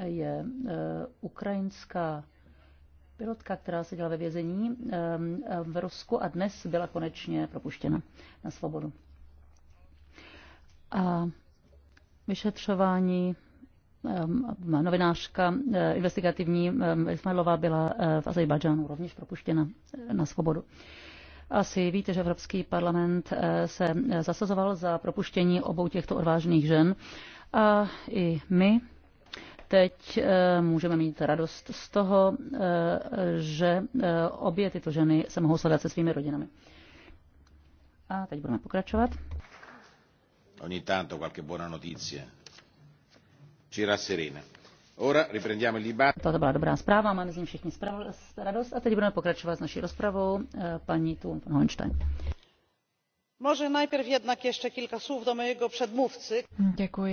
je eh, ukrajinská pilotka, která seděla ve vězení eh, v Rusku a dnes byla konečně propuštěna na svobodu. A vyšetřování eh, novinářka investigativní Ismailová byla v Azerbajdžánu rovněž propuštěna na svobodu. Asi víte, že Evropský parlament se zasazoval za propuštění obou těchto odvážných žen a i my teď eh, můžeme mít radost z toho, eh, že eh, obě tyto ženy se mohou sledat se svými rodinami. A teď budeme pokračovat. Ogni tanto qualche buona notizia. Ci rasserena. Ora riprendiamo il dibattito. To byla dobrá zpráva, máme z ní všichni radost a teď budeme pokračovat s naší rozpravou paní Tun von Hohenstein. Może najpierw jednak jeszcze kilka słów do mojego przedmówcy. Děkuji.